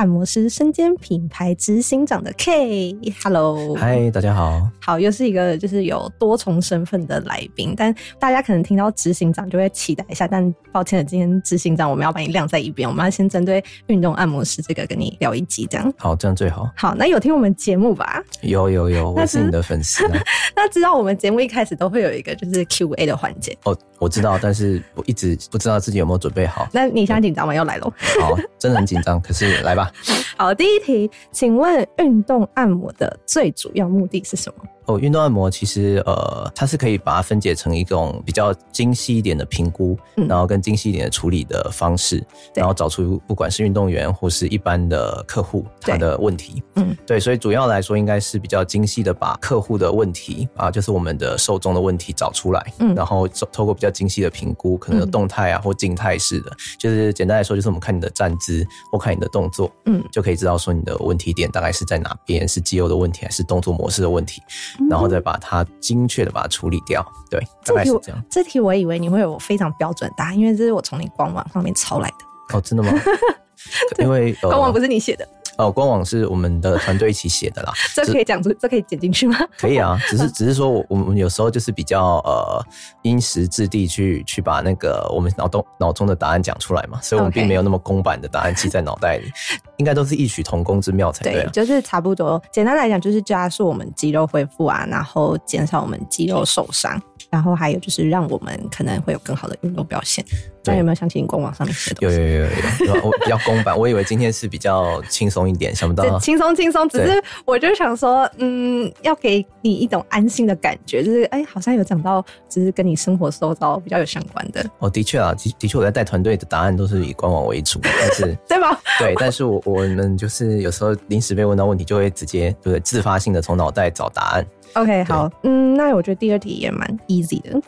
按摩師、身兼品牌執行長的 Kay，Hello，嗨，Hi, 大家好，好，又是一個就是有多重身份的來賓，但大家可能聽到執行長就會期待一下，但抱歉了，今天執行長我們要把你晾在一邊，我們要先針對運動按摩師這個跟你聊一集，這樣，好，這樣最好，好，那有聽我們節目吧？有有有，我是你的粉絲、啊， 那知道我們節目一開始都會有一個就是 Q A 的環節哦。Oh. 我知道，但是我一直不知道自己有沒有準備好。那你想緊張嗎？要對來嘍！ 好，真的很緊張。 可是來吧。好，第一題，請問運動按摩的最主要目的是什麼？哦，運動按摩其實呃，它是可以把它分解成一種比較精細一點的評估，嗯、然後跟精細一點的處理的方式，嗯、然後找出不管是運動員或是一般的客戶他的問題，嗯，對，所以主要來說應該是比較精細的把客戶的問題啊，就是我們的受眾的問題找出來，嗯，然後透過比較精細的評估，可能有動態啊或靜態式的，就是簡單來說，就是我們看你的站姿或看你的動作，嗯，就可以知道說你的問題點大概是在哪邊，是肌肉的問題還是動作模式的問題。然後再把它精確的把它處理掉，對。這題，這題我以為你會有非常標準答案，因為這是我從你官網上面抄來的。哦，真的嗎？因為官網不是你寫的。哦，官網是我們的團隊一起寫的啦。 這可以講出，就這可以剪進去嗎？ 可以啊，只是只是說，我我們有時候就是比較呃因時制地去去把那個我們腦動腦中的答案講出來嘛，所以我們並沒有那麼公版的答案記在腦袋裡，Okay. 應該都是異曲同工之妙才對啊。對，就是差不多，簡單來講就是加速我們肌肉恢復啊，然後減少我們肌肉受傷，然後還有就是讓我們可能會有更好的運動表現。對但有沒有想起你官網上面有，有有有有，我比較公版， 我以為今天是比較輕鬆一點，想不到輕鬆輕鬆，只是我就想說，對嗯，要給你一種安心的感覺，就是哎，好像有講到，只是跟你生活、收到比較有相關的。哦，的確啊，的的確我在帶團隊的答案都是以官網為主，但是 對吧嗎？對，但是我我們就是有時候臨時被問到問題，就會直接對，對自發性的從腦袋找答案。OK，對好，嗯，那我覺得第二題也蠻 easy 的。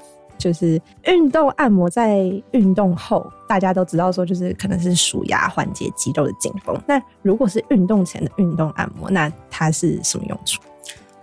就是運動按摩，在運動後，大家都知道說，就是可能是舒壓、緩解肌肉的緊繃。那如果是運動前的運動按摩，那它是什麼用處？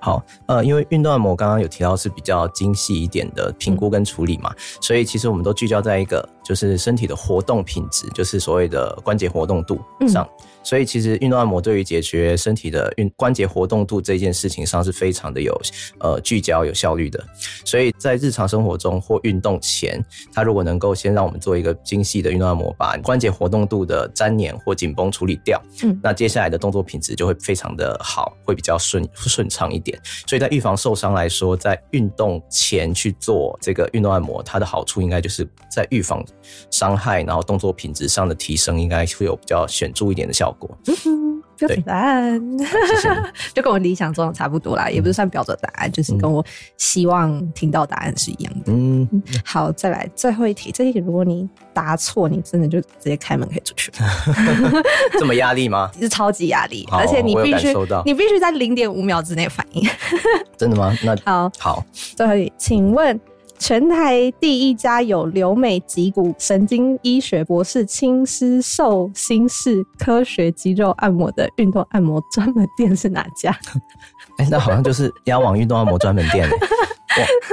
好，呃，因為運動按摩剛剛有提到是比較精細一點的評估跟處理嘛，嗯、所以其實我們都聚焦在一個就是身體的活動品質，就是所謂的關節活動度上。嗯、所以其實運動按摩對於解決身體的運關節活動度這件事情上是非常的有呃聚焦有效率的。所以在日常生活中或運動前，他如果能夠先讓我們做一個精細的運動按摩，把關節活動度的沾黏或緊繃處理掉，嗯，那接下來的動作品質就會非常的好，會比較順順暢一點。所以在預防受傷來說，在運動前去做這個運動按摩，它的好處應該就是在預防傷害，然後動作品質上的提升，應該會有比較顯著一點的效果。 標準答案，啊、謝謝 就跟我理想中的差不多啦，嗯、也不是算標準答案，就是跟我希望聽到答案是一樣的。嗯，好，再來最後一題，這一題如果你答錯，你真的就直接開門可以出去了。嗯、 這麼壓力嗎？是 超級壓力，好而且你必須你必須在零點五秒之內反應。 真的嗎？那好，好，最後一題，請問。嗯全台第一家有留美脊骨神經醫學博士親師授心式科學肌肉按摩的運動按摩專門店是哪家？哎、欸，那好像就是壓王運動按摩專門店，欸。哇，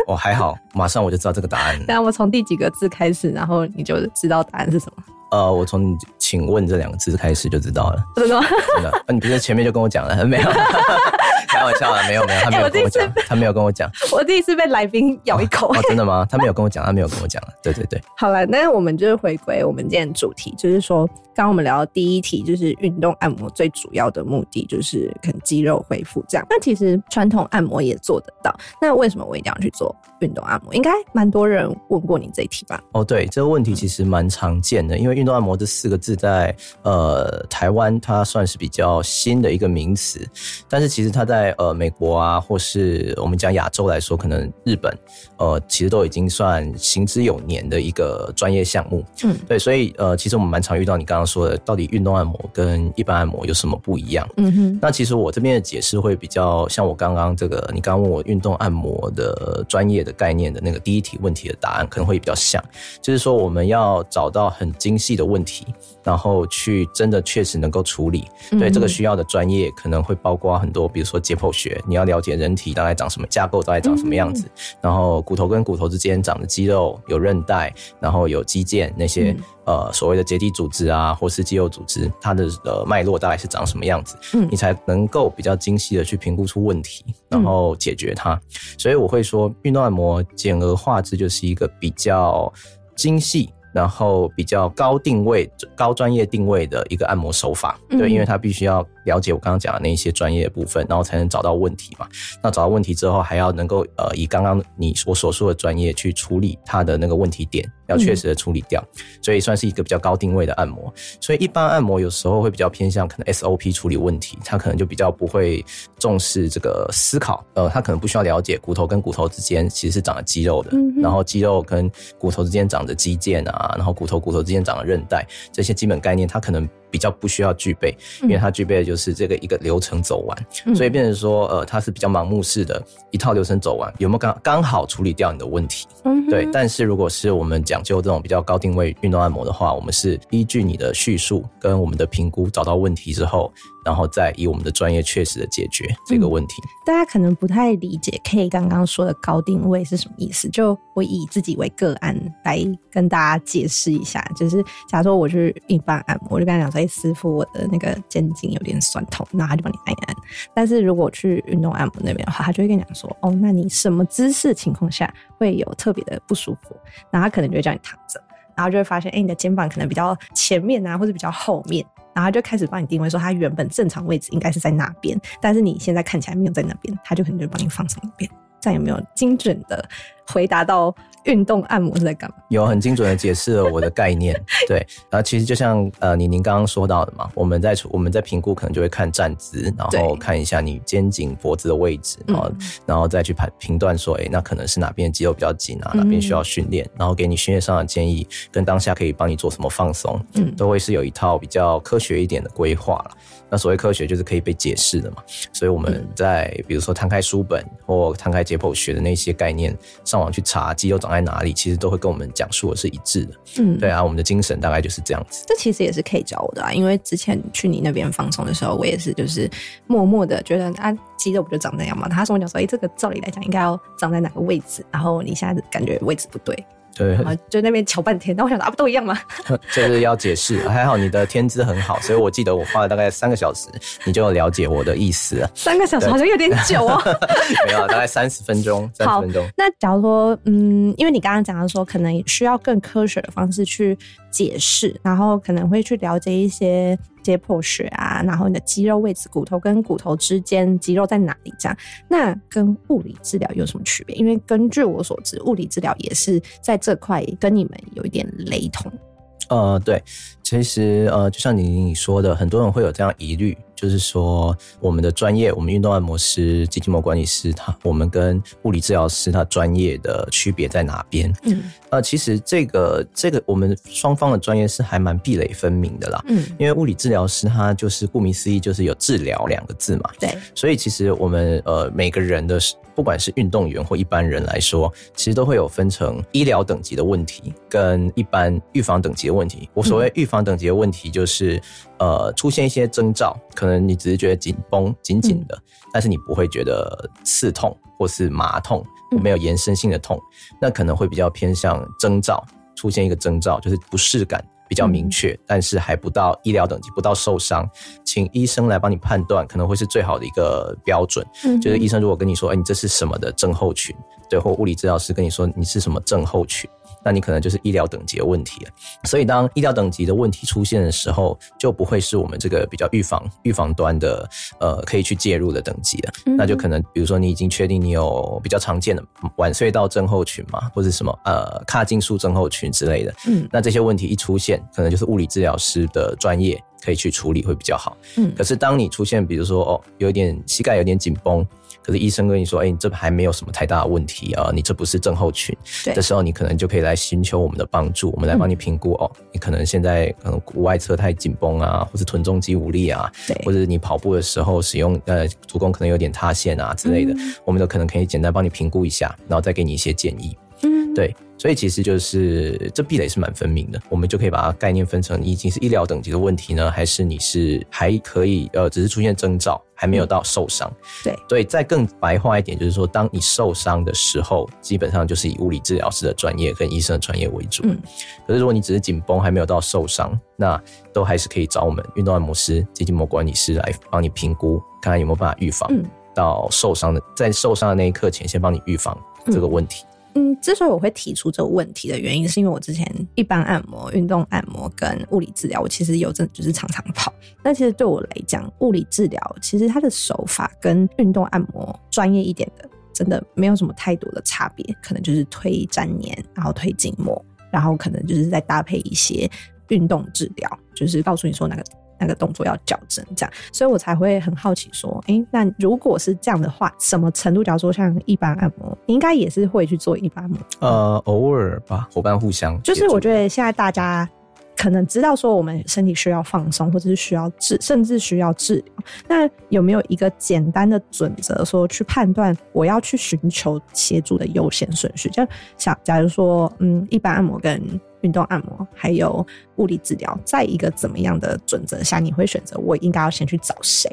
我還好，馬上我就知道這個答案了。那、啊，我從第幾個字開始，然後你就知道答案是什麼？呃，我從“請問”這兩個字開始就知道了，真的嗎？真的，那你不是前面就跟我講了？沒有，開玩笑啦、啊，沒有沒有，他沒有跟我講，欸、我他沒有跟我講。我第一次被來賓咬一口，咬一口、哦哦，真的嗎？他沒有跟我講，他沒有跟我講，對對對，好了，那我們就是回歸我們今天主題，就是說，剛剛我們聊的第一題，就是運動按摩最主要的目的，就是可能肌肉恢復這樣。那其實傳統按摩也做得到，那為什麼我一定要去做運動按摩？應該蠻多人問過你這一題吧？哦，對，這個問題其實蠻常見的，因為運動按摩這四個字在呃台灣，它算是比較新的一個名詞，但是其實它在呃美國啊，或是我們講亞洲來說，可能日本呃其實都已經算行之有年的一個專業項目。嗯，對，所以呃其實我們蠻常遇到你剛剛說的，到底運動按摩跟一般按摩有什麼不一樣？嗯哼，那其實我這邊的解釋會比較像我剛剛這個，你剛剛問我運動按摩的專業的概念的那個第一題問題的答案，可能會比較像，就是說我們要找到很精。細的問題，然後去真的確實能夠處理，所以、嗯、哼這個需要的專業可能會包括很多，比如說解剖學，你要了解人體大概長什麼架構，大概長什麼樣子，嗯、哼然後骨頭跟骨頭之間長的肌肉有韌帶，然後有肌腱那些、嗯、呃所謂的結締組織啊，或是肌肉組織，它的呃脈絡大概是長什麼樣子，嗯、你才能夠比較精細的去評估出問題，然後解決它。所以我會說，運動按摩簡而化之就是一個比較精細。然後比較高定位，高專業定位的一個按摩手法，對，因為它必須要。了解我剛剛講的那些專業的部分，然後才能找到問題嘛。那找到問題之後，還要能夠呃以剛剛你我所說的專業去處理它的那個問題點，要確實的處理掉。嗯、所以算是一個比較高定位的按摩。所以一般按摩有時候會比較偏向可能 SOP 處理問題，它可能就比較不會重視這個思考。呃，它可能不需要了解骨頭跟骨頭之間其實是長了肌肉的，嗯、哼然後肌肉跟骨頭之間長着肌腱啊，然後骨頭骨頭之間長着韌帶這些基本概念，它可能。比較不需要具備，因為它具備的就是這個一個流程走完，嗯、所以變成說，呃，它是比較盲目式的，一套流程走完，有沒有剛剛好處理掉你的問題？嗯哼。對。但是如果是我們講究這種比較高定位運動按摩的話，我們是依據你的敘述跟我們的評估找到問題之後。然後再以我們的專業確實的解決這個問題。嗯。大家可能不太理解 K 剛剛說的高定位是什麼意思，就我以自己為個案來跟大家解釋一下。就是假如說我去一般按摩，我就跟他講說：“哎、欸，師傅，我的那個肩頸有點痠痛。”那他就幫你按一按。但是如果去運動按摩那邊的話，他就會跟你講說：“哦，那你什麼姿勢情況下會有特別的不舒服？”那他可能就會叫你躺着，然後就會發現：“哎、欸，你的肩膀可能比較前面啊，或者比較後面。”然後他就開始幫你定位，說他原本正常位置應該是在那邊，但是你現在看起來沒有在那邊，他就可能就幫你放鬆一遍，再也沒有精準的。回答到運動按摩在幹嘛？有很精準的解釋了我的概念， 對。然後其實就像呃，寧寧剛剛說到的嘛，我們在我們在評估可能就會看站姿，然後看一下你肩頸脖子的位置，對然後然後再去判評斷說，哎、嗯欸，那可能是哪邊肌肉比較緊啊，哪邊需要訓練，嗯、然後給你訓練上的建議，跟當下可以幫你做什麼放鬆，嗯、都會是有一套比較科學一點的規劃了。那所謂科學就是可以被解釋的嘛，所以我們在、嗯、比如說攤開書本或攤開解剖學的那些概念上。上網去查肌肉長在哪裡，其實都會跟我們講述的是一致的。嗯，對啊，我們的精神大概就是這樣子、嗯。這其實也是可以教我的啊，因為之前去你那邊放鬆的時候，我也是就是默默的覺得啊，肌肉不就長那樣嗎？他說我講說，哎、欸，這個照理來講應該要長在哪個位置，然後你現在感覺位置不對。對，就那邊瞧半天，那我想啊，不都一樣嗎？就是要解釋，還好你的天資很好，所以我記得我花了大概三個小時，你就有了解我的意思 對三個小時好像有點久哦。 沒有，大概三十分鐘，三十分鐘。那假如說，嗯，因為你剛剛講的說，可能需要更科學的方式去。解釋，然後可能會去了解一些解剖學啊，然後你的肌肉位置、骨頭跟骨頭之間、肌肉在哪裡這樣，那跟物理治療有什麼區別？因為根據我所知，物理治療也是在這塊跟你們有一點雷同。呃，對，其實呃，就像你你說的，很多人會有這樣疑慮。就是說，我們的專業，我們運動按摩師、肌筋膜管理師，他，我們跟物理治療師，他專業的區別在哪邊？嗯，呃，其實這個這個，我們雙方的專業是還蠻壁壘分明的啦。嗯，因為物理治療師他就是顧名思義，就是有治療兩個字嘛。對，所以其實我們呃，每個人的不管是運動員或一般人來說，其實都會有分成醫療等級的問題跟一般預防等級的問題。我所謂預防等級的問題，就是、嗯、呃，出現一些徵兆可。可能你只是覺得緊繃、緊緊的，嗯、但是你不會覺得刺痛或是麻痛，沒有延伸性的痛，嗯、那可能會比較偏向徵兆，出現一個徵兆就是不適感比較明確，嗯、但是還不到醫療等級，不到受傷，請醫生來幫你判斷，可能會是最好的一個標準。嗯嗯，就是醫生如果跟你說，哎、欸，你這是什麼的症候群？對，或物理治療師跟你說你是什麼症候群？那你可能就是醫療等級的問題了，所以當醫療等級的問題出現的時候，就不會是我們這個比較預防預防端的呃可以去介入的等級了。嗯、那就可能比如說你已經確定你有比較常見的晚睡到症候群嘛，或者什麼呃卡進術症候群之類的，嗯，那這些問題一出現，可能就是物理治療師的專業可以去處理會比較好。嗯，可是當你出現比如說哦有一點膝蓋有點緊繃。可是醫生跟你說，哎、欸，你這還沒有什麼太大的問題啊，你這不是症候群對這時候，你可能就可以來尋求我們的幫助，我們來幫你評估哦。嗯、你可能現在可能股外側太緊繃啊，或者臀中肌無力啊，對或者你跑步的時候使用呃足弓可能有點塌陷啊之類的，嗯、我們都可能可以簡單幫你評估一下，然後再給你一些建議。嗯，對。所以其實就是這壁壘是蠻分明的，我們就可以把它概念分成：你已經是醫療等級的問題呢，還是你是還可以？呃，只是出現徵兆，還沒有到受傷。對、嗯，所以再更白話一點，就是說，當你受傷的時候，基本上就是以物理治療師的專業跟醫生的專業為主。嗯。可是如果你只是緊繃，還沒有到受傷，那都還是可以找我們運動按摩師、筋筋膜管理師來幫你評估，看看有沒有辦法預防到受傷的，嗯、在受傷的那一刻前，先幫你預防這個問題。嗯嗯，之所以我會提出這個問題的原因，是因為我之前一般按摩、運動按摩跟物理治療，我其實有陣就是常常跑。但其實對我來講，物理治療其實它的手法跟運動按摩專業一點的，真的沒有什麼太多的差別，可能就是推沾黏，然後推筋膜，然後可能就是再搭配一些運動治療，就是告訴你說哪個。那個動作要矯正，這樣，所以我才會很好奇，說，哎、欸，那如果是這樣的話，什麼程度？假如說像一般按摩，你應該也是會去做一般按摩？呃，偶爾吧，夥伴互相。就是我覺得現在大家可能知道說，我們身體需要放鬆，或者是需要治，甚至需要治療。那有沒有一個簡單的準則，說去判斷我要去尋求協助的優先順序？就像假如說，嗯，一般按摩跟，運動按摩還有物理治療，在一個怎麼樣的準則下，你會選擇我應該要先去找誰？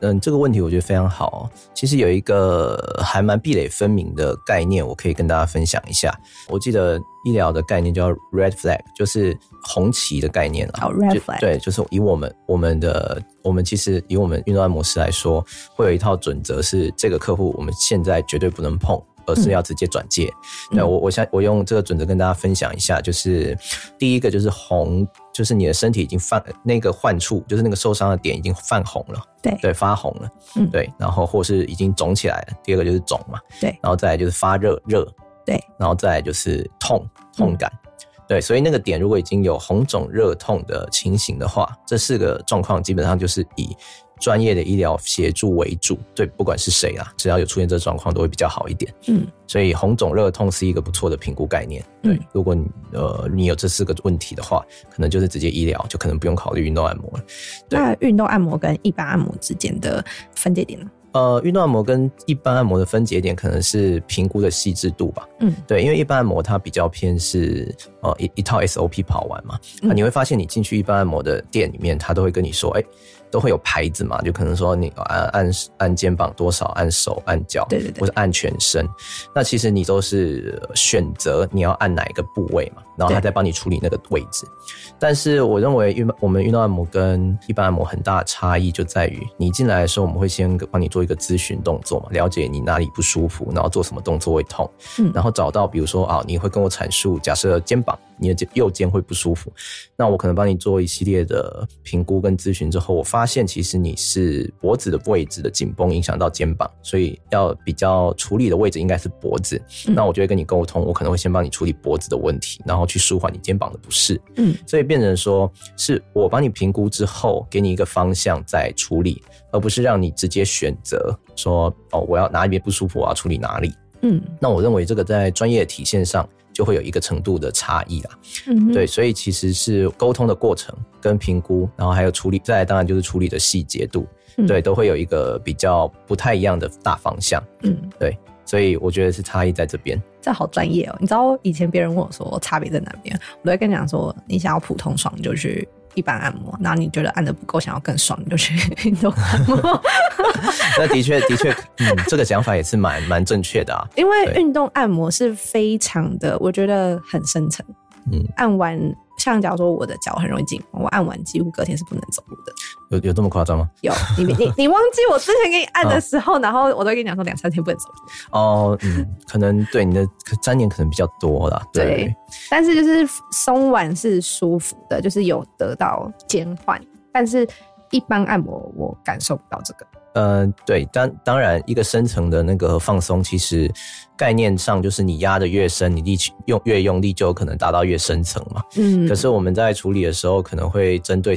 嗯，這個問題我覺得非常好。其實有一個還蠻壁壘分明的概念，我可以跟大家分享一下。我記得醫療的概念叫 red flag，就是紅旗的概念好。Oh, red flag 對，就是以我們我們的我們其實以我們運動按摩師來說，會有一套準則，是這個客戶我們現在絕對不能碰。而是要直接轉接。那、嗯、我我想我用這個準則跟大家分享一下，就是、嗯、第一個就是紅，就是你的身體已經泛那個患處，就是那個受傷的點已經泛紅了，對，對，發紅了，嗯，對，然後或是已經腫起來了。第二個就是腫嘛，對，然後再來就是發熱熱，對，然後再來就是痛痛感，嗯、對，所以那個點如果已經有紅腫熱痛的情形的話，這四個狀況基本上就是以專業的醫療協助為主，對，不管是誰啊，只要有出現這個狀況，都會比較好一點。嗯，所以紅腫熱痛是一個不錯的評估概念。對，嗯、如果你呃你有這四個問題的話，可能就是直接醫療，就可能不用考慮運動按摩了。那運、啊、動按摩跟一般按摩之間的分界點呢？呃，運動按摩跟一般按摩的分界點可能是評估的細緻度吧。嗯，對，因為一般按摩它比較偏是呃一一套 SOP 跑完嘛、嗯啊，你會發現你進去一般按摩的店裡面，他都會跟你說，哎、欸。都會有牌子嘛，就可能說你按按按肩膀多少，按手按腳，對，對，對，或是按全身。那其實你都是選擇你要按哪一個部位嘛，然後他再幫你處理那個位置。對但是我認為運我們運動按摩跟一般按摩很大的差異就在於，你進來的時候我們會先幫你做一個諮詢動作嘛，了解你哪裡不舒服，然後做什麼動作會痛，嗯，然後找到比如說啊、哦，你會跟我闡述，假設肩膀。你的右肩會不舒服，那我可能幫你做一系列的評估跟諮詢之後，我發現其實你是脖子的位置的緊繃影響到肩膀，所以要比較處理的位置應該是脖子。那我就會跟你溝通，嗯、我可能會先幫你處理脖子的問題，然後去舒緩你肩膀的不適。嗯，所以變成說是我幫你評估之後，給你一個方向再處理，而不是讓你直接選擇說，哦我要哪一邊不舒服，我要處理哪裡。嗯，那我認為這個在專業體現上。就會有一個程度的差異啦，嗯哼，對，所以其實是溝通的過程跟評估，然後還有處理，再來當然就是處理的細節度，嗯、對，都會有一個比較不太一樣的大方向，嗯，對，所以我覺得是差異在這邊。這好專業哦，你知道以前別人問我說差別在哪邊？我都會跟你講說，你想要普通爽就去。一般按摩，然後你覺得按得不夠，想要更爽，你就去運動按摩。 那的確，的確，嗯，這個想法也是蠻蠻正確的啊。因為運動按摩是非常的，我覺得很深層，嗯，對按完像，假如說我的腳很容易緊，我按完幾乎隔天是不能走路的。有有這麼誇張嗎？有，你你你忘記我之前給你按的時候， 哦、然後我都跟你講說兩三天不能走。哦，嗯，可能 對你的粘連可能比較多啦。對，對但是就是鬆完是舒服的，就是有得到減緩，但是一般按摩我，我感受不到這個。嗯、呃，對，當當然一個深層的那個放鬆，其實概念上就是你壓得越深，你力氣用越用力，就有可能達到越深層嘛。嗯，可是我們在處理的時候，可能會針對。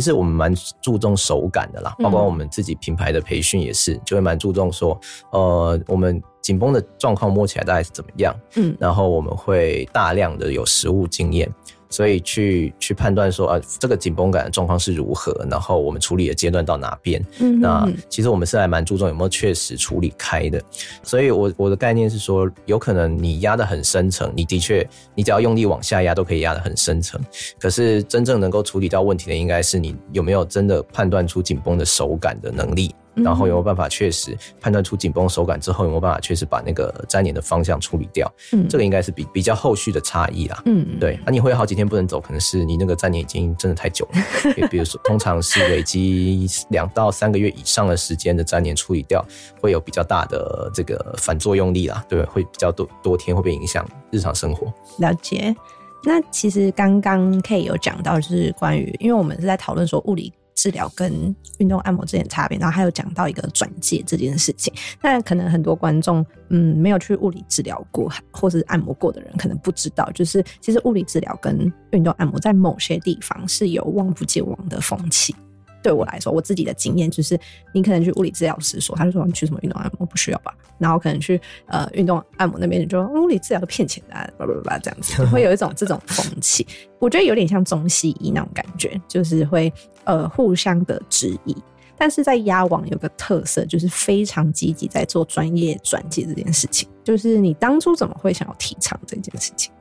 其實我們蠻注重手感的啦，包括我們自己品牌的培訓也是，就會蠻注重說，呃，我們緊繃的狀況摸起來大概是怎麼樣，嗯，然後我們會大量的有實務經驗。所以去去判斷說啊，這個緊繃感的狀況是如何，然後我們處理的階段到哪邊？嗯，嗯，嗯，那其實我們是還蠻注重，有沒有確實處理開的。所以我我的概念是說，有可能你壓得很深層，你的確你只要用力往下壓都可以壓得很深層，可是真正能夠處理到問題的，應該是你有沒有真的判斷出緊繃的手感的能力。然後有沒有辦法確實判斷出緊繃手感之後，有沒有辦法確實把那個粘黏的方向處理掉？嗯，這個應該是比比較後續的差異啦。嗯，對。那、啊、你會有好幾天不能走，可能是你那個粘黏已經真的太久了。也 比如說，通常是累積兩到三個月以上的時間的粘黏處理掉，會有比較大的這個反作用力啦。對，會比較多多天會被影響日常生活。了解。那其實剛剛 K 有講到就是關於，因為我們是在討論說物理。治療跟運動按摩之間的差別，然後還有講到一個轉介這件事情。那可能很多觀眾，嗯，沒有去物理治療過或是按摩過的人，可能不知道，就是其實物理治療跟運動按摩在某些地方是有王不見王的風氣。對我來說，我自己的經驗就是，你可能去物理治療師所，他就說你去什麼運動按摩不需要吧，然後可能去呃運動按摩那邊就說物理治療騙錢的，啊，叭叭叭這樣子，會有一種這種風氣， 我覺得有點像中西醫那種感覺，就是會呃互相的質疑。但是在壓王有個特色，就是非常積極在做專業轉介這件事情。就是你當初怎麼會想要提倡這件事情？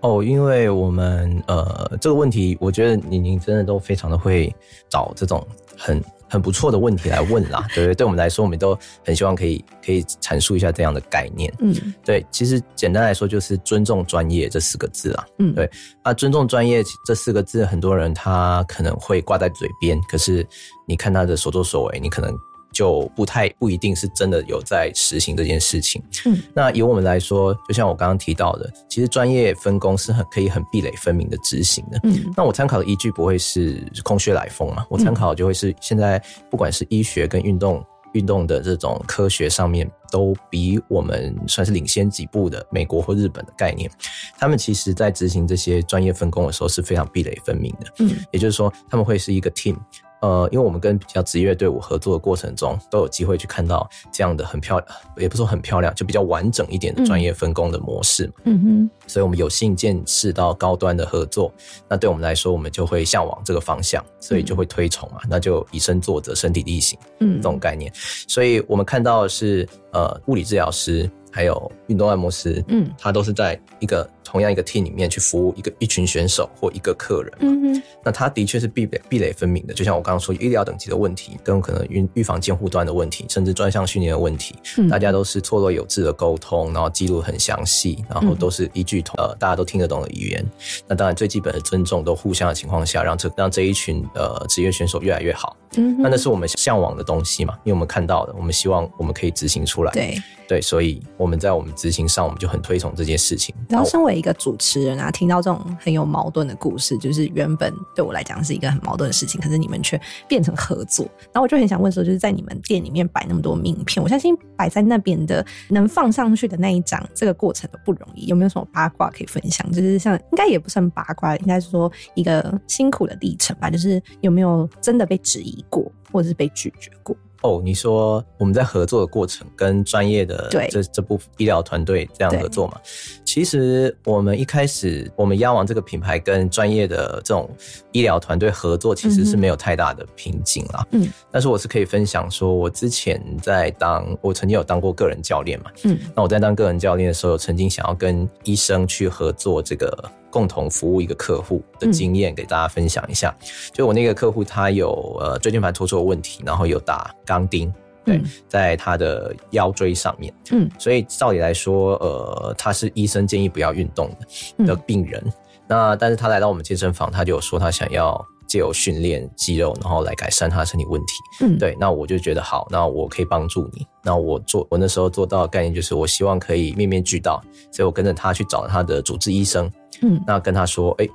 哦，因為我們呃這個問題，我覺得你你真的都非常的會找這種很很不錯的問題來問啦。 對不對？對我們來說，我們都很希望可以可以闡述一下這樣的概念。嗯，對，其實簡單來說就是“尊重專業”這四個字啦。嗯，對，啊“尊重專業”這四個字，很多人他可能會掛在嘴邊，可是你看他的所作所為，你可能。就不太，不一定是真的有在實行這件事情。嗯，那以我們來說，就像我剛剛提到的，其實專業分工是很可以很壁壘分明的執行的。嗯，那我參考的依據不會是空穴來風嘛。我參考就會是現在不管是醫學跟運動運動的這種科學上面，都比我們算是領先幾步的美國或日本的概念。他們其實在執行這些專業分工的時候是非常壁壘分明的。嗯，也就是說他們會是一個 team。呃，因為我們跟比較職業隊伍合作的過程中，都有機會去看到這樣的很漂亮，也不是說很漂亮，就比較完整一點的專業分工的模式嘛，嗯、嗯哼，所以我們有幸見識到高端的合作，那對我們來說，我們就會向往這個方向，所以就會推崇嘛，嗯、那就以身作則，身體力行，嗯，這種概念。所以我們看到的是呃，物理治療師。還有運動按摩師，嗯，他都是在一個同樣一個 team 裡面去服務一個一群選手或一個客人嘛，嗯哼，那他的確是壁壘壁壘分明的，就像我剛剛說醫療等級的問題，跟可能預預防監護端的問題，甚至專項訓練的問題，嗯、大家都是錯落有致的溝通，然後記錄很詳細，然後都是一句呃、嗯、大家都聽得懂的語言，那當然最基本的尊重都互相的情況下，讓這讓這一群呃職業選手越來越好，嗯哼，那那是我們嚮往的東西嘛，因為我們看到的，我們希望我們可以執行出來，對對，所以，我們在我們執行上，我們就很推崇這件事情。然後身為一個主持人啊，聽到這種很有矛盾的故事，就是原本對我來講是一個很矛盾的事情，可是你們卻變成合作。然後我就很想問說，就是在你們店裡面擺那麼多名片，我相信擺在那邊的能放上去的那一張，這個過程都不容易。有沒有什麼八卦可以分享？就是像應該也不是很八卦，應該是說一個辛苦的歷程吧。就是有沒有真的被質疑過，或者是被拒絕過？哦，你說我們在合作的過程，跟專業的這對這部醫療團隊這樣合作嘛？其實我們一開始，我們壓王這個品牌跟專業的這種醫療團隊合作，其實是沒有太大的瓶頸了。嗯，但是我是可以分享，說我之前在當我曾經有當過個人教練嘛，嗯，那我在當個人教練的時候，曾經想要跟醫生去合作，這個共同服務一個客戶的經驗，給大家分享一下。就我那個客戶，他有呃椎間盤突出的問題，然後有打鋼釘。對，在他的腰椎上面，嗯，所以照理來說，呃，他是醫生建議不要運動的病人。嗯，那但是他來到我們健身房，他就說他想要借由訓練肌肉，然後來改善他的身體問題。嗯，對，那我就覺得好，那我可以幫助你。那我做，我那時候做到的概念就是，我希望可以面面俱到，所以我跟着他去找他的主治醫生。嗯，那跟他說，哎，欸，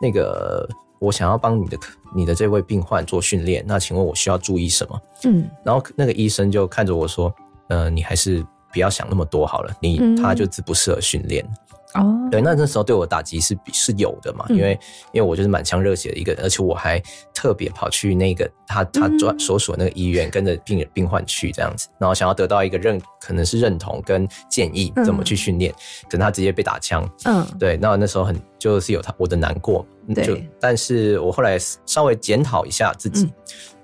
那個。我想要幫你的你的這位病患做訓練，那請問我需要注意什麼？嗯，然後那個醫生就看着我說：“呃，你還是不要想那麼多好了，你他就只不適合訓練。”嗯。哦，oh. 對，那那時候對我打擊是是有的嘛，因為因為我就是滿腔熱血的一個人，嗯、而且我還特別跑去那個他他專所屬那個醫院，嗯、跟着病人病患去這樣子，然後想要得到一個認，可能是認同跟建議怎麼去訓練，等、嗯、他直接被打槍，嗯，對，那那時候很就是有他我的難過，嗯、就對，但是我後來稍微檢討一下自己，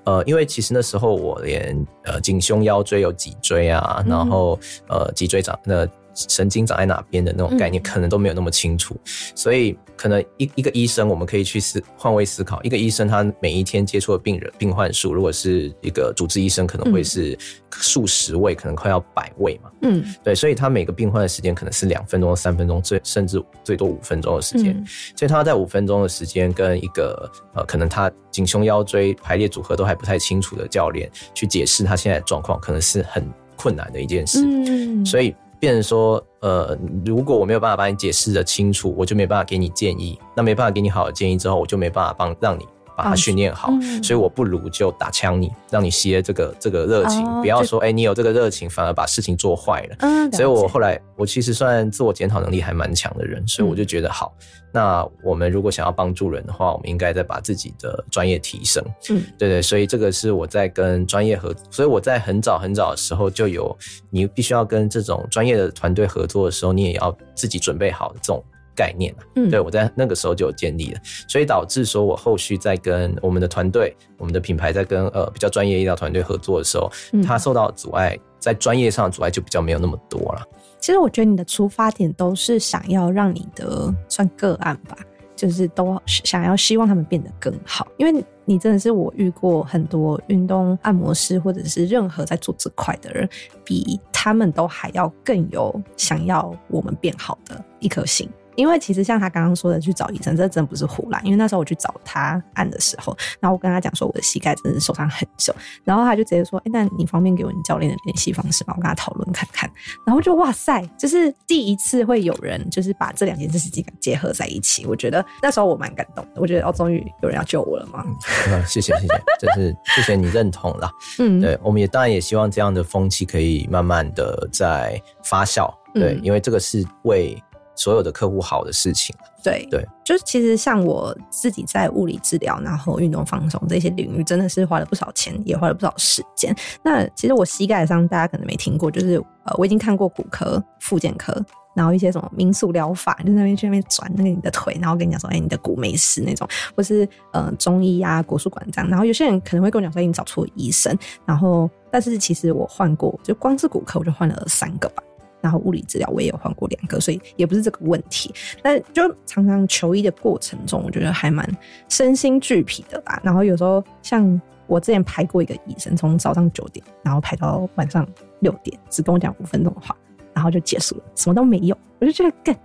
嗯、呃，因為其實那時候我連呃頸胸腰椎有脊椎啊，嗯、然後呃脊椎長那。神經長在哪邊的那種概念，可能都沒有那麼清楚，嗯、所以可能一一個醫生，我們可以去思換位思考。一個醫生他每一天接觸的病人病患數，如果是一個主治醫生，可能會是數十位，嗯、可能快要百位嘛。嗯，對，所以他每個病患的時間可能是兩分鐘、三分鐘，最甚至最多五分鐘的時間。嗯、所以他在五分鐘的時間，跟一個呃，可能他頸胸腰椎排列組合都還不太清楚的教練去解釋他現在的狀況，可能是很困難的一件事。嗯，所以。變成說，呃，如果我沒有辦法把你解釋的清楚，我就沒辦法給你建議，那沒辦法給你好的建議之後，我就沒辦法幫讓你把它訓練好，哦嗯、所以我不如就打槍你，讓你歇這個這個熱情，哦、不要說誒、欸，你有這個熱情，反而把事情做壞了。嗯、了解，所以我後來我其實算自我檢討能力還蠻強的人，所以我就覺得好。嗯、那我們如果想要幫助人的話，我們應該再把自己的專業提升。嗯、對，對對，所以這個是我在跟專業合作。所以我在很早很早的時候就有，你必須要跟這種專業的團隊合作的時候，你也要自己準備好的這種。概念，嗯，對，我在那個時候就有建立了，所以導致說，我後續在跟我們的團隊、我們的品牌在跟呃比較專業醫療團隊合作的時候，嗯，它受到阻礙，在專業上的阻礙就比較沒有那麼多了。其實我覺得你的出發點都是想要讓你的算個案吧，就是都想要希望他們變得更好，因為你真的是我遇過很多運動按摩師或者是任何在做這塊的人，比他們都還要更有想要我們變好的一顆心。因為其實像他剛剛說的去找醫生，這真的不是胡來。因為那時候我去找他按的時候，然後我跟他講說我的膝蓋真的受傷很久，然後他就直接說：“哎，那你方便給我你教練的聯繫方式嗎？我跟他討論看看。”然後就哇塞，就是第一次會有人就是把這兩件事情結合在一起。我覺得那時候我蠻感動的，我覺得哦，終於有人要救我了嗎？謝謝、嗯、謝謝，就 是謝謝你認同了。嗯，對，我們也當然也希望這樣的風氣可以慢慢的在發酵。對，嗯、因為這個是為。所有的客戶好的事情，對對，就是其實像我自己在物理治療，然後運動放鬆這些領域，真的是花了不少錢，也花了不少時間。那其實我膝蓋上大家可能沒聽過，就是呃，我已經看過骨科、復健科，然後一些什麼民俗療法，就是、那邊去那邊轉那個你的腿，然後跟你講說，哎、欸，你的骨沒事那種，或是呃中醫呀、啊、國術館這樣。然後有些人可能會跟我講說，你找錯醫生，然後但是其實我換過，就光是骨科我就換了三個吧。然後物理治療我也有換過兩個，所以也不是這個問題。但就常常求醫的過程中，我覺得還蠻身心俱疲的吧。然後有時候像我之前排過一個醫生，從早上九點，然後排到晚上六點，只跟我講五分鐘的話，然後就結束了，什麼都沒有。我就覺得，幹，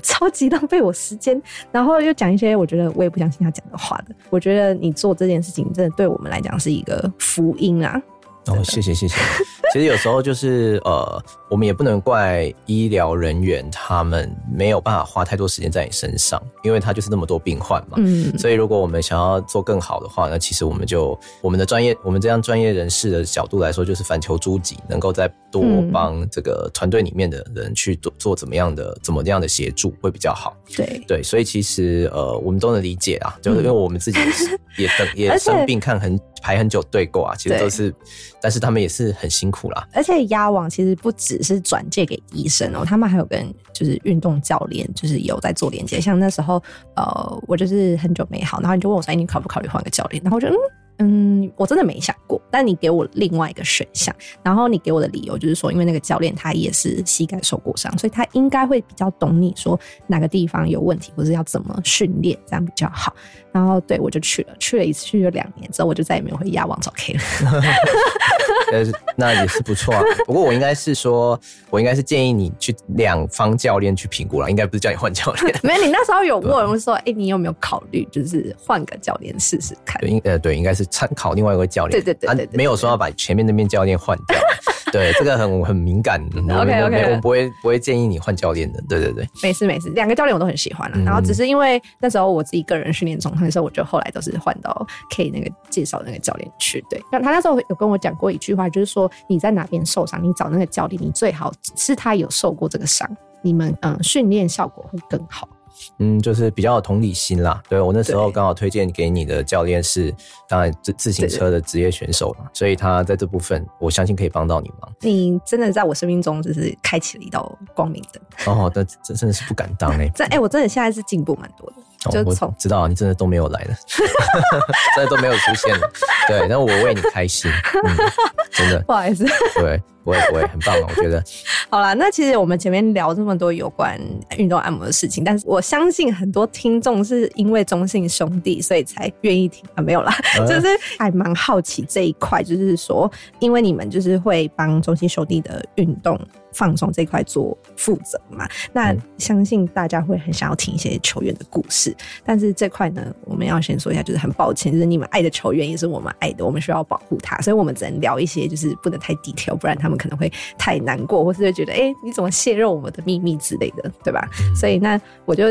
超級浪費我時間。然後又講一些我覺得我也不相信他講的話的。我覺得你做這件事情，真的對我們來講是一個福音啊。哦，謝謝謝謝。其實有時候就是呃，我們也不能怪醫療人員，他們沒有辦法花太多時間在你身上，因為他就是那麼多病患嘛。嗯，所以如果我們想要做更好的話，那其實我們就我們的專業，我們這樣專業人士的角度來說，就是反求諸己，能夠在。多幫這個團隊裡面的人、嗯、去做做怎麼樣的怎麼樣的協助會比較好。對對，所以其實呃，我們都能理解啊，嗯、就是因為我們自己也等 且也生病看很排很久對過啊，其實都是，對但是他們也是很辛苦啦。而且壓王其實不只是轉介給醫生哦、喔，他們還有跟就是運動教練，就是有在做連結。像那時候呃，我就是很久沒好，然後你就問我說，哎，你考不考慮換個教練？然後我就得嗯。嗯，我真的沒想過。但你給我另外一個選項，然後你給我的理由就是說，因為那個教練他也是膝蓋受過傷，所以他應該會比較懂你說哪個地方有問題，或者要怎麼訓練這樣比較好。然後對，我就去了，去了一次，去了兩年之後，我就再也沒有回壓王找 K 了。那也是不錯啊。不過我應該是說，我應該是建議你去兩方教練去評估了，應該不是叫你換教練。 沒，你那時候有問、嗯、我說，哎、欸，你有沒有考慮就是換個教練試試看？對，呃、對，應該是。參考另外一位教練，對對對，對，啊、沒有說要把前面那面教練換掉。 對，這個很很敏感，我我我不會不會建議你換教練的。對對對，沒事沒事，兩個教練我都很喜歡啊。嗯、然後只是因為那時候我自己個人訓練中那的時候，我就後來都是換到 K 那個介紹那個教練去。對，那他那時候有跟我講過一句話，就是說你在哪邊受傷，你找那個教練，你最好是他有受過這個傷，你們嗯訓練效果會更好。嗯，就是比較有同理心啦。對，我那時候剛好推薦給你的教練是，當然自自行車的職業選手嘛，對所以他在這部分我相信可以幫到你忙。你真的在我生命中就是開啟了一道光明燈。哦，但真真的是不敢當哎、欸。這哎、欸，我真的現在是進步蠻多的。哦、從我知道你真的都沒有來了， 真的都沒有出現了。對，那我為你開心，嗯、真的。不好意思。對。我也，我也很棒，我覺得。 好啦，那其實我們前面聊這麼多有關運動按摩的事情，但是我相信很多聽眾是因為中信兄弟，所以才願意聽啊，沒有啦，嗯、就是還蠻好奇這一塊，就是說，因為你們就是會幫中信兄弟的運動放鬆這塊做負責嘛，那相信大家會很想要聽一些球員的故事，但是這塊呢，我們要先說一下，就是很抱歉，就是你們愛的球員也是我們愛的，我們需要保護他，所以我們只能聊一些就是不能太 detail，不然他們。可能會太難過，或是會覺得哎，你怎麼洩露我們的秘密之類的，對吧？嗯。所以那我就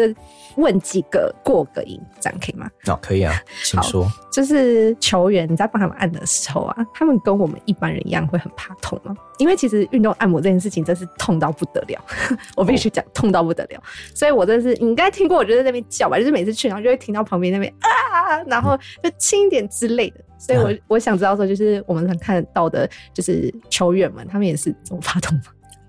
問幾個過個癮，這樣可以嗎？哦，可以啊，請說。就是球員你在幫他們按的時候啊，他們跟我們一般人一樣會很怕痛嗎？因為其實運動按摩這件事情真是痛到不得了， 我必須講、oh. 痛到不得了，所以我真的是你應該聽過，我就在那邊叫吧，就是每次去然後就會聽到旁邊那邊啊，然後就輕一點之類的，所以我 Yeah. 我想知道說就是我們能看到的，就是球員們他們也是怎麼發痛嗎？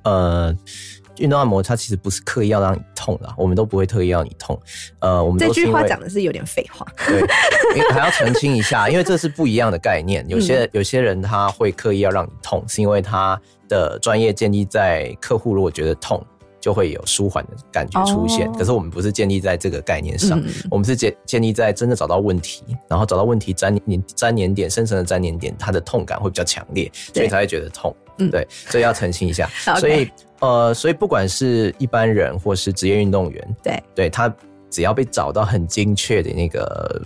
呃、uh。運動按摩，它其實不是刻意要讓你痛的、啊，我們都不會刻意要你痛。呃，我們都是因為這句話講的是有點廢話。對，還要澄清一下， 因為這是不一樣的概念。有些、嗯、有些人他會刻意要讓你痛，是因為他的專業建立在客戶如果覺得痛。就會有舒緩的感覺出現，oh. 可是我們不是建立在這個概念上，嗯嗯，我們是建建立在真的找到問題，然後找到問題粘粘粘連點，深層的粘連點，它的痛感會比較強烈，對所以才會覺得痛。嗯、對，所以要澄清一下， Okay 所以呃，所以不管是一般人或是職業運動員，對，對他。只要被找到很精確的那個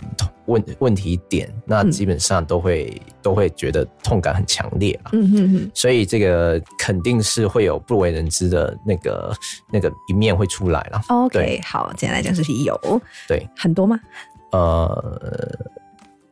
問問題點，那基本上都會、嗯、都會覺得痛感很強烈嗯嗯嗯。所以這個肯定是會有不為人知的那個那個一面會出來了、哦。OK，對好，簡單來講就是，是有。對，很多嗎？呃，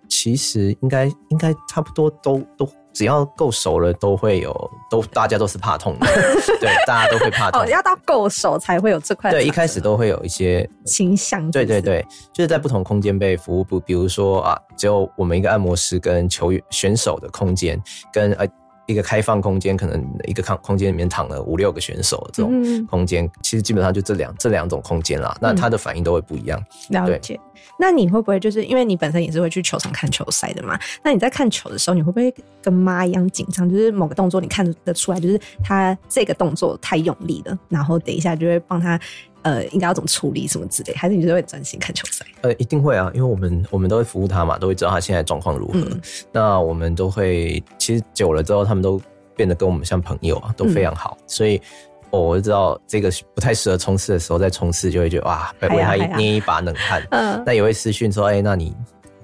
其實應該應該差不多都都。只要夠熟了，都會有，都大家都是怕痛的， 對，大家都會怕痛。 哦，要到夠熟才會有這塊。對，一開始都會有一些傾向、就是。對對對，就是在不同空間被服務部，比如說啊，只有我們一個按摩師跟球員選手的空間，跟呃。一個開放空間，可能一個空空間裡面躺了五六個選手，這種空間，嗯，其實基本上就這兩這兩種空間啦。嗯，那他的反應都會不一樣。嗯，了解。對那你會不會就是因為你本身也是會去球場看球賽的嘛？那你在看球的時候，你會不會跟媽一樣緊張？就是某個動作你看得出來，就是他這個動作太用力了，然後等一下就會幫他。呃，應該要怎麼處理什麼之類，還是你都會專心看球賽？呃，一定會啊，因為我們我們都會服務他嘛，都會知道他現在狀況如何。嗯、那我們都會，其實久了之後，他們都變得跟我們像朋友啊，都非常好。嗯、所以，我就知道這個不太適合衝刺的時候再衝刺，就會覺得哇，為他捏一把冷汗。嗯、哎，哎、 那也會私訊說，哎、欸，那你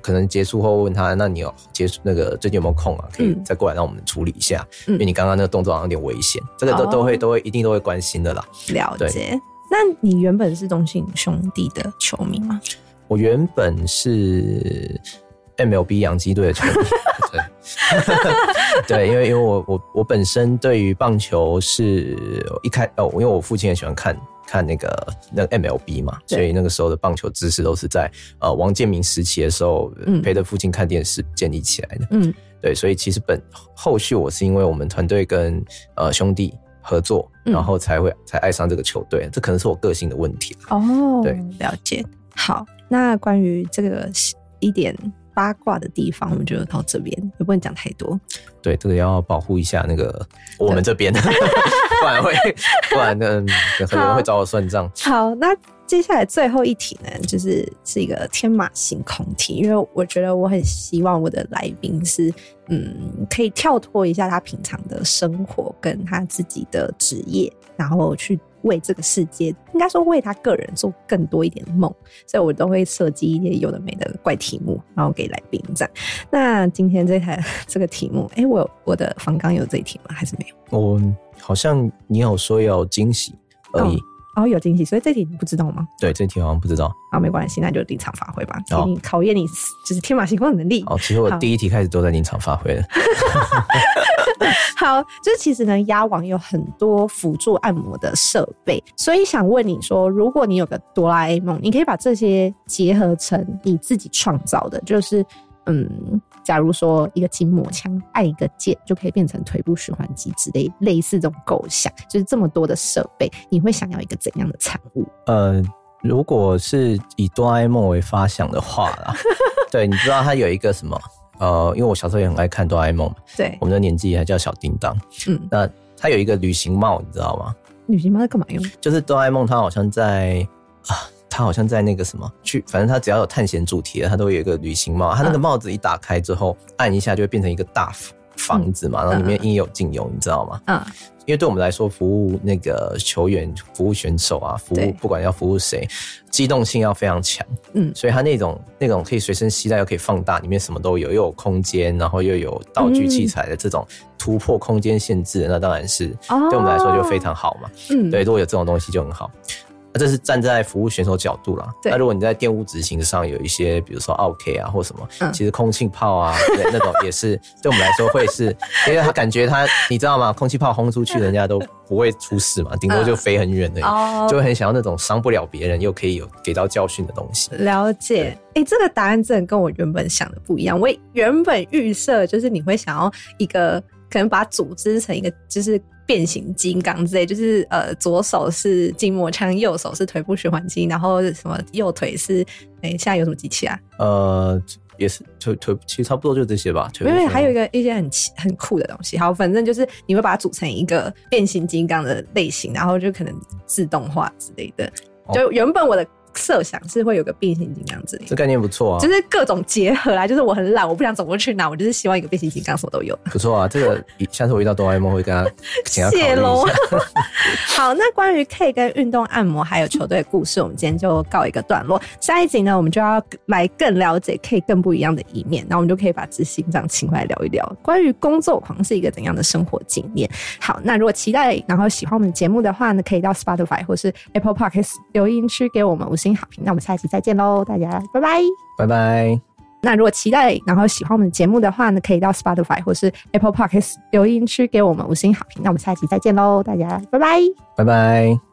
可能結束後問他，那你有結束那個最近有沒有空啊？嗯、可以再過來讓我們處理一下，嗯、因為你剛剛那個動作好像有點危險，嗯、這個都都會都會一定都會關心的啦。了解。那你原本是中信兄弟的球迷嗎？我原本是 MLB 洋基隊的球迷 對。 對，因為因為我我我本身對於棒球是一開哦，因為我父親很喜歡看看那個那個 MLB 嘛，對所以那個時候的棒球知識都是在呃王建民時期的時候、嗯、陪着父親看電視建立起來的。嗯，對，所以其實本後續我是因為我們團隊跟呃兄弟。合作，然後才會、嗯、才愛上這個球隊，這可能是我個性的問題哦。對，了解。好，那關於這個一點。八卦的地方，我們就到這邊，也不能講太多。對，這個要保護一下，那個我們這邊，對 不然會，不然呢，很多人好會找我算賬。好，那接下來最後一題呢，就是是一個天馬行空題，因為我覺得我很希望我的來賓是，嗯，可以跳脫一下他平常的生活跟他自己的職業，然後去。為這個世界，應該說為他個人做更多一點夢，所以我都會設計一些有的沒的怪題目，然後給來賓講。那今天這台這個題目，哎，我我的方剛有這一題嗎？還是沒有？我、oh, 好像你有說要驚喜而已。Oh. 哦，有驚喜，所以這題你不知道嗎？對，這題好像不知道。好，沒關係，那就臨場發揮吧。你考驗你就是天馬行空的能力。哦，其實我第一題開始都在臨場發揮了。好，這 其實呢，壓王有很多輔助按摩的設備，所以想問你說，如果你有個哆啦 A 夢，你可以把這些結合成你自己創造的，就是嗯。假如說一個筋膜槍按一個鍵就可以變成腿部循環機之類，類似這種構想，就是這麼多的設備，你會想要一個怎樣的產物？呃，如果是以哆啦 A 夢為發想的話啦， 對你知道他有一個什麼？呃，因為我小時候也很愛看哆啦 A 夢嘛，對，我們的年紀還叫小叮當，嗯，那他有一個旅行帽，你知道嗎？旅行帽是幹嘛用？就是哆啦 A 夢，他好像在啊。他好像在那個什麼，去反正他只要有探險主題的，他都有一個旅行帽。他那個帽子一打開之後，uh, 按一下就會變成一個大房子嘛，嗯、然後裡面應有盡有，嗯、你知道嗎？嗯，因為對我們來說，服務那個球員、服務選手啊，服務不管要服務誰，機對動性要非常強。嗯，所以他那種那種可以隨身攜帶又可以放大，裡面什麼都有，又有空間，然後又有道具器材的這種突破空間限制，嗯、那當然是、哦、對我們來說就非常好嘛。嗯，對，如果有這種東西就很好。這是站在服務選手角度啦。那對、啊、如果你在店務執行上有一些，比如說 o、OK、K 啊或什麼，嗯、其實空氣炮啊對，那種也是 對我們來說會是，因為他感覺他，你知道嗎？空氣炮轟出去，人家都不會出事嘛，頂、嗯、多就飛很遠的，哦、就會很想要那種傷不了別人又可以有給到教訓的東西。了解。哎對、欸，這個答案真的跟我原本想的不一樣。我原本預設就是你會想要一個，可能把組織成一個，就是。變形金剛之類，就是呃，左手是筋膜槍，右手是腿部循環機，然後是什麼右腿是，哎、欸，現在有什麼機器啊？呃，也是腿腿，其實差不多就這些吧。沒有，還有一個一些很很酷的東西。好，反正就是你會把它組成一個變形金剛的類型，然後就可能自動化之類的。就原本我的。設想是會有個變形金剛之類的，這概念不錯啊，就是各種結合啦，就是我很懶,我不想走過去哪，我就是希望一個變形金剛什麼都有，不錯啊，這個下次我遇到哆啦 A 夢會跟他，謝嘍囉。 好，那關於 K 跟運動按摩還有球隊的故事， 我們今天就告一個段落。下一集呢，我們就要來更了解 K 更不一樣的一面，那我們就可以把執行長請回來聊一聊關於工作狂是一個怎樣的生活經驗。好，那如果期待然後喜歡我們節目的話呢，可以到 Spotify 或是 Apple Podcast 留言區給我們，我五星好評，那我們下一期再見嘍，大家拜拜拜拜。Bye bye。那如果期待，然後喜歡我們的節目的話呢，可以到 Spotify 或是 Apple Podcast 留言區給我們五星好評。那我們下一期再見嘍，大家拜拜拜拜。Bye bye